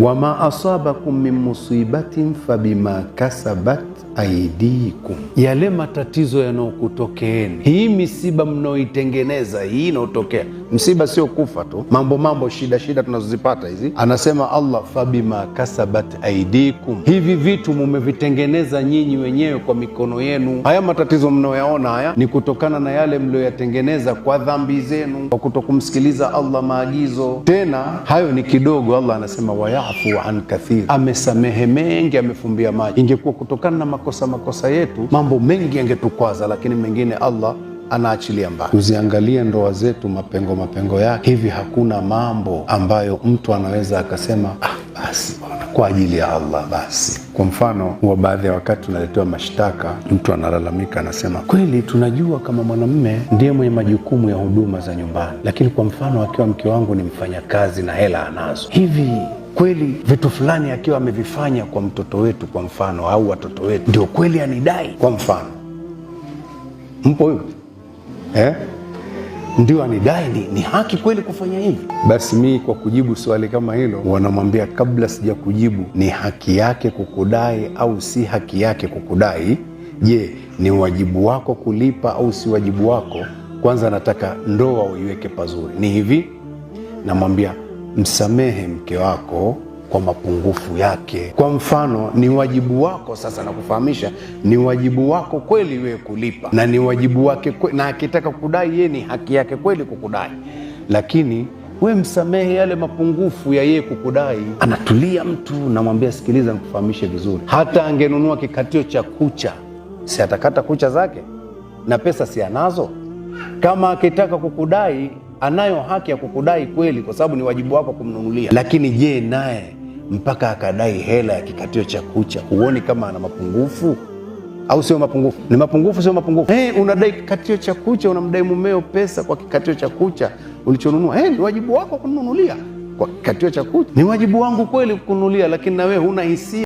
Wama asabakum min musibatin fabima kasabat aidikum, yale matatizo yanayokutokeeni, hii misiba mnaoitengeneza hii inaotokea Msiba sio kufa tu, mambo mambo, shida shida tunazozipata hizi. Anasema Allah, fabima kasabat aidikum, hivi vitu mumevitengeneza nyinyi wenyewe kwa mikono yenu. Haya matatizo mnayoyaona haya ni kutokana na yale mliyoyatengeneza kwa dhambi zenu, kwa kutokumsikiliza Allah maagizo. Tena hayo ni kidogo. Allah anasema wayafu an kathir, amesamehe mengi, amefumbia maji. Ingekuwa kutokana na makosa makosa yetu, mambo mengi yangetukwaza, lakini mengine Allah anaachilia mbali. Tuziangalie ndoa zetu mapengo mapengo yake hivi. Hakuna mambo ambayo mtu anaweza akasema ah, basi kwa ajili ya Allah basi. Kwa mfano, huwa baadhi ya wakati tunaletewa mashtaka, mtu analalamika, anasema kweli, tunajua kama mwanamume ndiye mwenye majukumu ya huduma za nyumbani, lakini kwa mfano, akiwa mke wangu ni mfanyakazi na hela anazo hivi kweli vitu fulani akiwa amevifanya kwa mtoto wetu, kwa mfano, au watoto wetu, ndio kweli anidai. Kwa mfano, mpo hivyo eh? Ndio anidai ni, ni haki kweli kufanya hivi? Basi mi kwa kujibu swali kama hilo, wanamwambia kabla sija kujibu, ni haki yake kukudai au si haki yake kukudai? Je, ni wajibu wako kulipa au si wajibu wako? Kwanza nataka ndoa uiweke pazuri. Ni hivi, namwambia msamehe mke wako kwa mapungufu yake. Kwa mfano, ni wajibu wako sasa, nakufahamisha, ni wajibu wako kweli wewe kulipa, na ni wajibu wake kweli, na akitaka kudai yeye ni haki yake kweli kukudai, lakini we msamehe yale mapungufu ya yeye kukudai. Anatulia mtu, namwambia sikiliza, nikufahamishe vizuri, hata angenunua kikatio cha kucha, si atakata kucha zake? Na pesa si anazo? Kama akitaka kukudai anayo haki ya kukudai kweli, kwa sababu ni wajibu wako kumnunulia. Lakini je, naye mpaka akadai hela ya kikatio cha kucha, huoni kama ana mapungufu au sio mapungufu? Ni mapungufu, sio mapungufu? Hey, eh, unadai kikatio cha kucha, unamdai mumeo pesa kwa kikatio cha kucha ulichonunua. Hey, eh, ni wajibu wako kumnunulia kwa kikatio cha kucha. Ni wajibu wangu kweli kukununulia, lakini na wewe huna hisia.